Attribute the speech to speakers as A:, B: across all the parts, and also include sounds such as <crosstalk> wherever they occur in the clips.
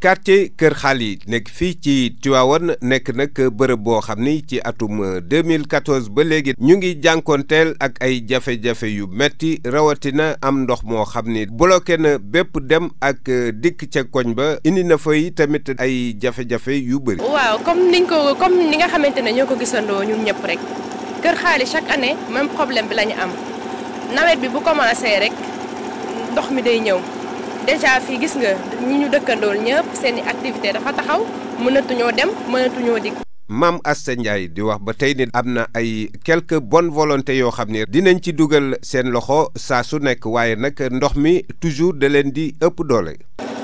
A: quartier Kër Xaali nekk fii ci Tivaouane nekk nag bërëb boo xam ni ci atum 2014 euh, ba léegi ñu ngi jànkoonteel ak ay jafe-jafe yu metti rawatina am ndox moo xam ni bloqué na bépp dem ak euh, dikk ca koñ ba indi na fa tamit ay jafe-jafe yu bëri.
B: waaw comme niñ ko comme ni nga xamante ne ñoo ko gisandoo ñun ñëpp rek Kër Xaali chaque année même problème bi la am nawet bi bu commencé rek ndox mi day ñëw. déjà fii gis nga ñi ñu dëkkandool ñëpp seen i dafa taxaw mënatuñoo dem mënatuñoo dikk.
A: maam Asta Ndiaye di wax ba tey ni am na ay quelques bonnes volontés yoo xam ne dinañ ci dugal seen loxo saa su nekk waaye nag ndox mi toujours da leen di ëpp doole.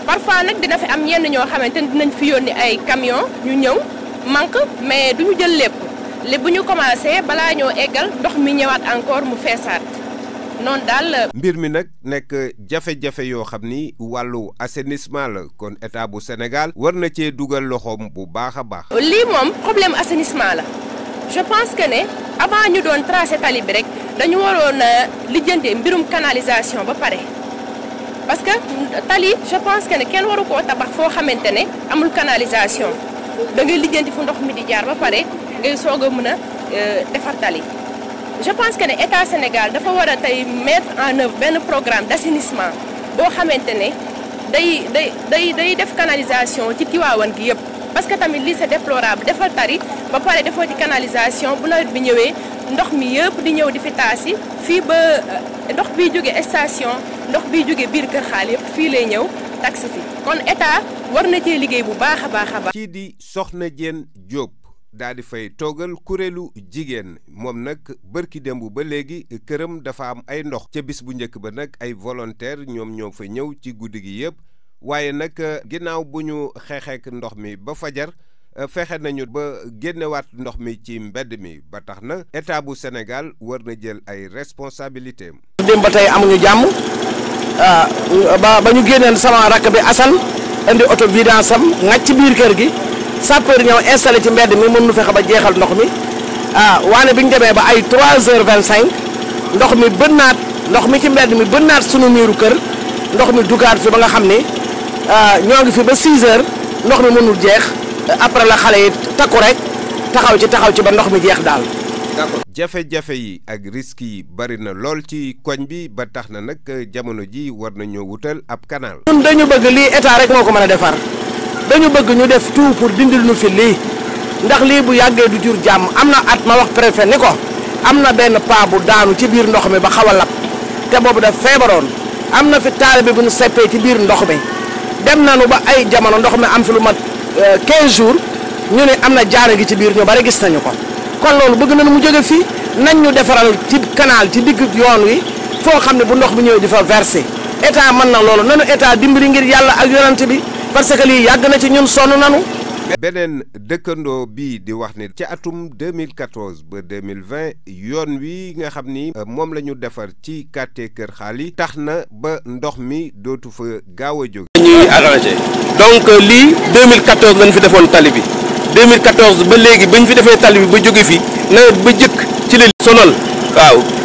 B: parfois nag dina fi am yenn ñoo xamante ni dinañ fi yónni ay camion ñu ñëw manque mais duñu jël lépp lépp ñu commencé balaa ñoo eggal ndox mi ñëwaat encore mu feesaat. non dal euh,
A: mbir mi nag nekk jafé jafe yoo xam ni assainissement la kon état bu Sénégal war na cee dugal loxoom bu baax a baax.
B: lii moom problème assainissement la je pense que né avant ñu doon tracé tali bi rek dañu waroon euh, lijjante mbirum canalisation ba paré parce que tali je pense que ken waru ko tabax fo xamante amul canalisation da ngay lijjanti fu ndox mi di jaar ba paré ngay soga mëna euh, défar tali je pense que l'État Sénégal doit war a tey mettre en œuvre ben programme d'assainissement assainissement boo xamante ne day day day day def canalisation ci Tiwaawan gi yëpp parce que tamit lii c'est déplorable dafa tari ba pare defoo ci canalisation bu nawet bi ñëwee ndox mi yëpp di ñëw di fi fibre donc ba euh, ndox station ndox biy jóge biir kër xaal yëpp fii lay ñëw taxi fi kon état war na cee liggéey bu baaxa baaxa baax ci di
A: Soxna Diène Diop. daa di fay toogal kuréelu jigéen moom nag bërki démb ba léegi këram dafa am ay ndox ca bis bu njëkk ba nag ay volontaire ñoom ñoo fa ñëw ci guddi gi yëpp waaye nag euh, ginnaaw bu ñu xeexeek ndox mi ba fajar euh, fexe nañu ba génnewaat ndox mi ci mbedd mi ba tax na état bu senegal war na jël ay responsabilité
C: démb ba tey amuñu jàmm ah, ba ba ñu génneen sama rakk bi Assane indi auto ngacc biir kër gi sapeur ñëw installé ci mbedd mi mën nu fexe ba jeexal ndox mi ah waane bi ñu demee ba ay 3 heures 25 ndox mi bënnaat ndox mi ci mbedd mi naat sunu miiru kër ndox mi dugaat fi ba nga xam ni ah, ñoo ngi fi ba 6 heures ndox mi mënul jeex après la xale yi takku rek taxaw ci taxaw ci ba ndox mi jeex daal.
A: jafe-jafe yi ak risques yi bari na lool ci koñ bi ba tax na nag jamono ji war nañoo wutal ab canal. ñun dañu bëgg lii état rek moo ko mën a defar.
C: dañu bëgg ñu def tout pour dindil ñu fi li ndax li bu yagge du jur jàmm amna at ma wax préfet ni ko am na benn bu daanu ci bir ndox mi ba xaw a te bobu da febaron amna fi talibé bu ñu sépé ci bir ndox mi dem nañu ba ay jamono ndox mi am fi lu mat 15 jours ñu ne amna na gi ci bir ñu bari gis nañu ko kon loolu bëgg nañu mu jëgë fi nañ ñu defaral ci canal ci digg yoon wi fo xamné bu ndox bi ñëw di fa versé état man na loolu nanu état dimbali ngir yàlla ak yoonante bi parce que lii yàgg na ci ñun sonn nanu
A: beneen dëkkandoo bii di wax ni ci atum 2014 ba 2020 yoon wi nga xam ni euh, moom la ñu defar ci quartier Kër Xaali tax na ba ndox mi dootu fa gaaw a jóge ñuy arrangé donc
D: euh, lii 2014 lañ fi defoon tali bi 2014 ba léegi bañ fi defee tali bi ba jóge fi nawet ba jëkk ci la sonal waaw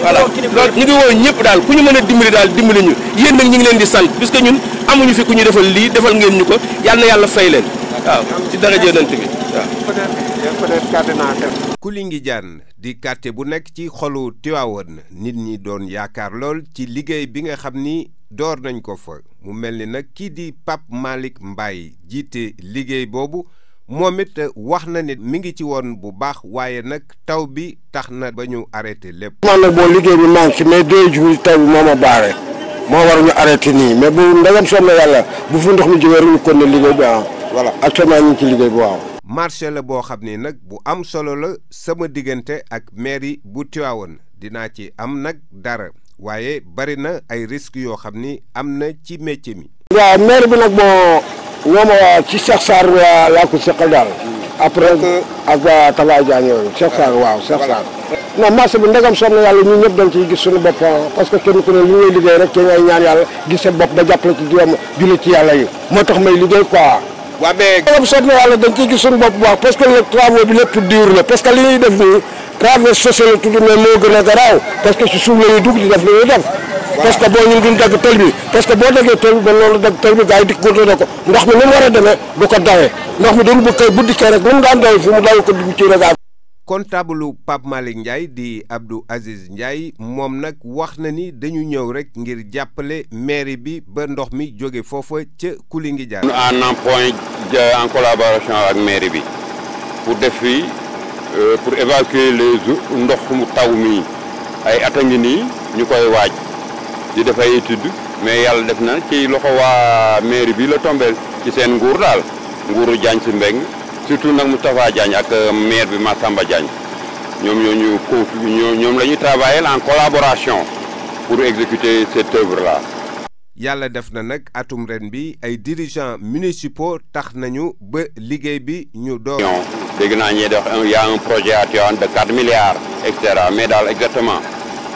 D: voilà ñu ngi woo ñëpp daal ku ñu mën a dimbali daal dimbali ñu yéen nag ñu ngi leen di sant puisque ñun amuñu fi ku ñu defal lii defal ngeen ñu ko yàlla yàlla fay leen waaw ci dara jënant bi waaw
A: Koulingi Diane di quartier bu nekk ci xolu Tivaouane nit ñi doon yaakaar lool ci liggéey bi nga xam ni door nañ ko fa mu mel ni nag kii di Pape Malick Mbaye jiite liggéey boobu moom it wax na nit mu ngi ci woon bu baax waaye nag taw bi tax na ba ñu arrêté lépp.
D: man nag boo liggéey bi maa ngi ci mais deux jours taw bi moo ma baare moo war ñu arrêté nii mais bu ndegam soob na yàlla bu fi ndox mi jógee rek ñu kon ne liggéey bi ah voilà actuellement ñu ngi ci liggéey bi waaw.
A: marché la boo xam ni nag bu am solo la sama diggante ak mairie bu Tivaouane dinaa ci am nag dara waaye bari na ay risques yoo xam ni am na ci métier mi.
D: waaw maire bi nag moo. ñoom ci Cheikh Sarr laa ko seqal daal. après ak waa Tabaay Diagne
C: yooyu Cheikh Sarr waaw Cheikh Sarr.
D: non marché bi ndegam soob na yàlla ñun ñëpp dañ ciy gis suñu bopp ah, parce kenn ku li ngay liggéey rek ci ñaan yàlla gis bopp ba jàppale ci ci yàlla bopp bu baax parce que le travaux bi lépp diir la parce li ñuy def nii travaux sociaux la tudd mais a garaaw parce ci suuf la ñuy dugg di def li ñuy def. <laughs> parce que boo ñun duñ dagg tol bi parce que boo daggee tol bi ba loolu dagg tol bi gars yi di na ko ndox mi ni mu war a demee bu ko dawee ndox mi dañu bëgg kay buddi kay rek ni mu daan dawee fi mu daw ko dugg ci rek
A: comptable Pape Malick Ndiaye di Abdou Aziz Ndiaye moom nag wax na ni dañu ñëw rek ngir jàppale mairie bi ba ndox mi jóge foofa ca Koulingi Diar. en
E: emploi euh, en collaboration ak mairie bi pour def fii euh, pour évacuer les ndox mu ngi nii koy waaj. di def ay étude mais yàlla def na ci loxo waa maire bi la tombeel ci seen nguur daal nguuru Diagne Sy mbeng surtout nag Moustapha Diagne ak euh, maire bi Massamba Diagne ñoom ñoo ñu ñoom ñoom la ñu travailler en collaboration pour exécuter cette œuvre là.
A: yàlla def na nag atum ren bi ay dirigeants municipaux tax nañu ba liggéey bi ñu door.
E: dégg naa ñuy def y a un projet à Tivaouane de 4 milliards et cetera mais daal exactement.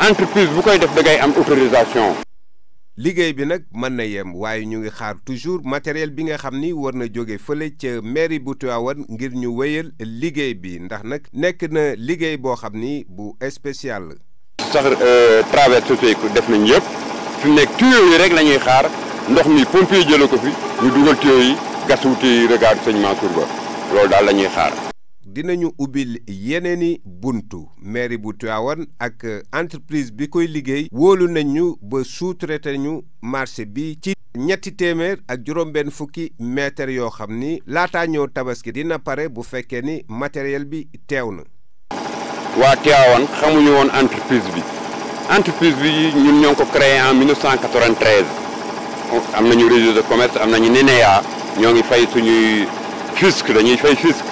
E: entreprise bu koy def da ngay am autorisation.
A: liggéey bi nag mën na yem waaye ñu ngi xaar toujours matériel bi nga xam ni war na jóge fële ca mairie bu Tivaouane ngir ñu wéyal liggéey bi ndax nag nekk na liggéey boo xam ni bu spécial la.
E: sax euh, travers sociaux def nañ yëpp fi mu nekk tuyaux yi rek la ñuy xaar ndox mi pompier jëlee ko fi ñu dugal tuyaux yi gas wuti regard sëñ Mansour Ba loolu daal la ñuy xaar.
A: dinañu ubbil yeneeni buntu mairie bu Tivaouane ak euh, entreprise bi koy liggéey wóolu nañ ñu ba sous-traité ñu marché bi ci ñetti téeméer ak juróom-benn fukki mètre yoo xam ni laataa ñëw tabaski dina pare bu fekkee ni matériel bi teew na.
E: waa Tivaouane xamuñu woon entreprise bi entreprise bi ñun ñoo ngi ko créé en 1993 am nañu réseau de commerce am nañu NENEA ñoo ngi fay suñuy fisc dañuy fay fisc.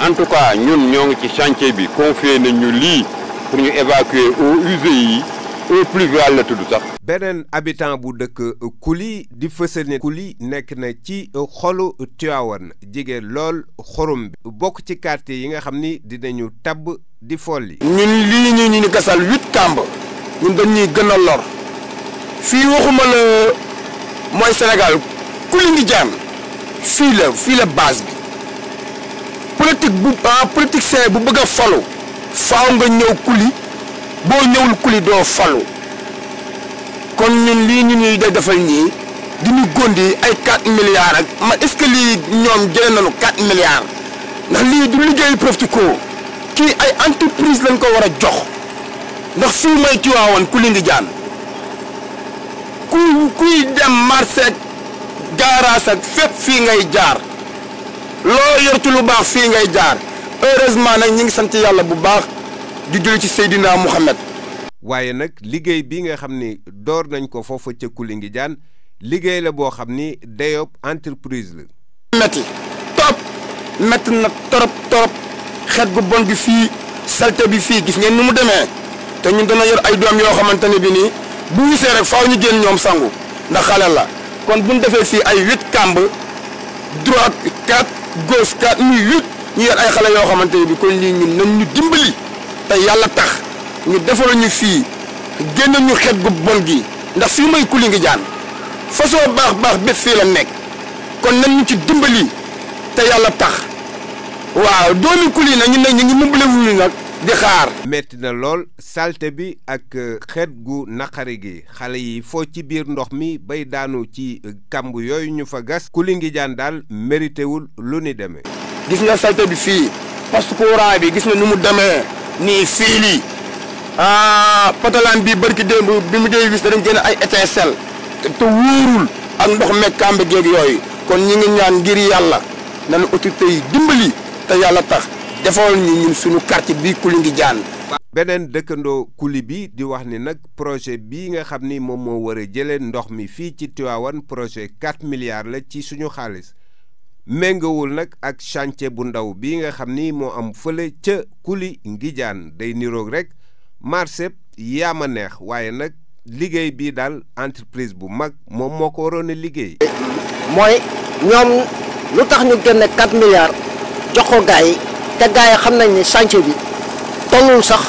E: en tout cas ñun ñoo ngi ci chantier bi confié nañ ñu lii pour ñu évacuer eaux usées yi eaux pluviales la tudd sax.
A: beneen habitant bu dëkk Kuli di fësal ne Kuli nekk na ci xolu Tivaouane jege lool xorom bi bokk ci quartier yi nga xam ni dinañu tab di folli.
D: ñun lii ñu ñu ni gasal huit kàmb ñun dañuy gën a lor fii waxuma la mooy Sénégal Kuli ngi jaan fii la fii la base bi. politique bu ah bu bëgg a falu faaw nga ñëw kuli boo ñëwul kuli doo falu kon ñun lii ñu ñuy day defal ñii di ñu gondi ay 4 milliards ak man est-ce que lii ñoom jëlee nañu 4 milliards ndax lii du liggéeyu Proftico kii ay entreprise lañ ko war a jox ndax fii may Tiwaawan ku li ngi jaan ku kuy dem marché ak gaaraas ak fépp fii ngay jaar. loo yor ci lu baax fii ngay jaar heureusement nag ñi ngi sant yàlla bu baax di julli ci Seydina Mouhamed.
A: waaye nag liggéey bi nga xam ni door nañ ko foofa li ngi Diagne liggéey la boo xam ni dayob entreprise la.
D: métti trop mett na trop trop xet gu bon gi fii salte bi fii gis ngeen ni mu demee te ñun dana yor ay doom yoo xamante ne bi nii bu wisee rek faaw ñu génn ñoom sangu ndax xale la kon bu defee fii ay huit kàmb droit quatre. gauche 4 muy 8 ñu yor ay xale yoo xamante ne bi kon lii ñun nañ ñu dimbali te yàlla tax ñu defal ñu fii génn ñu xet gu bon gi ndax fii mooy kuli ngi jaan façon baax baax bépp fii la nekk kon nañ ñu ci dimbali te yàlla tax waaw doomi kuli nag ñu ne ñu ngi mumbale wu ñu nag.
A: di xaar. metti na lool salte bi ak euh, xeet gu naqari gi xale yi foo ci biir ndox mi bay daanu ci euh, kàmb yooyu ñu fa gas. ku li ngi Diagne daal
D: mérité wul lu ni demee. gis nga salte bi fii poste courant bi gis na ni mu demee nii fii lii ah potolaan bi barki démb bi mu dee wis dañ génn ay étincelle te wóorul ak ndox meeg kàmb geeg yooyu kon ñi ngi ñaan ngir yàlla nañu autorité yi dimbali te yàlla tax. defal ñu ñun suñu quartier bii
A: Koulingi jaan beneen dëkkandoo kuli bi di wax ni nag projet bii nga xam ni moom moo war jële ndox mi fii ci Tivaouane projet 4 milliards la ci suñu xaalis méngowul nag ak chantier bu ndaw bii nga xam ni moo am fële ca Koulingi Diane day niroog rek marché yaama neex waaye nag liggéey bii daal entreprise bu mag moom moo ko waroon a liggéey. mooy ñoom
C: lu tax ñu génne 4 milliards jox ko gars te gars yi xam nañ ni chantier bi tollul sax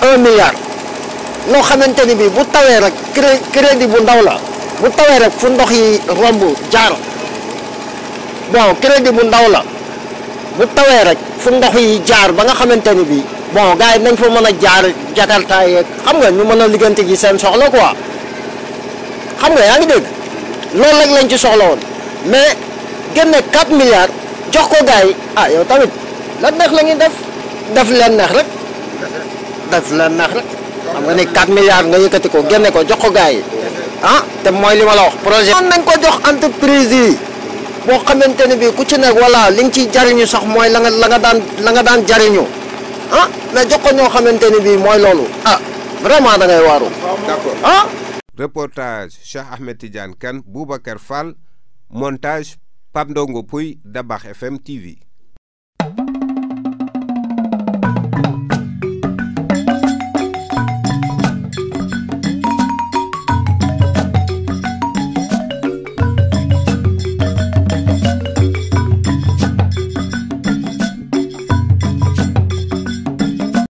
C: un milliard noo xamante ni bi bu tawee rek crédit bu ndaw la bu tawee rek fu yi romb jaar bon crédit bu ndaw la bu tawee rek fu ndox yi jaar ba nga xamante ni bi bon gars yi nañ fa mën a jaar jakarta yeeg xam nga ñu mën a liggante gi seen soxla quoi xam nga yaa ngi dégg loolu rek lañ ci soxla woon mais génne 4 milliards jox ko gars yi ah yow tamit la neex la ñuy def def leen neex rek def leen neex rek xam nga ni 4 milliards nga yëkkati ko génne ko jox ko gars yi ah te mooy li ma la wax projet mën nañ ko jox entreprise yi boo xamante ne bii ku ci nekk voilà li nga ciy jariñu sax mooy la nga daan la nga daan jariñu ah mais jox ko ñoo xamante ne bii mooy loolu ah vraiment da ngay waaru d'accord ah.
A: reportage Cheikh Ahmed Tidiane kan Boubacar Fall montage Pape Ndongo Pouy Dabakh FM TV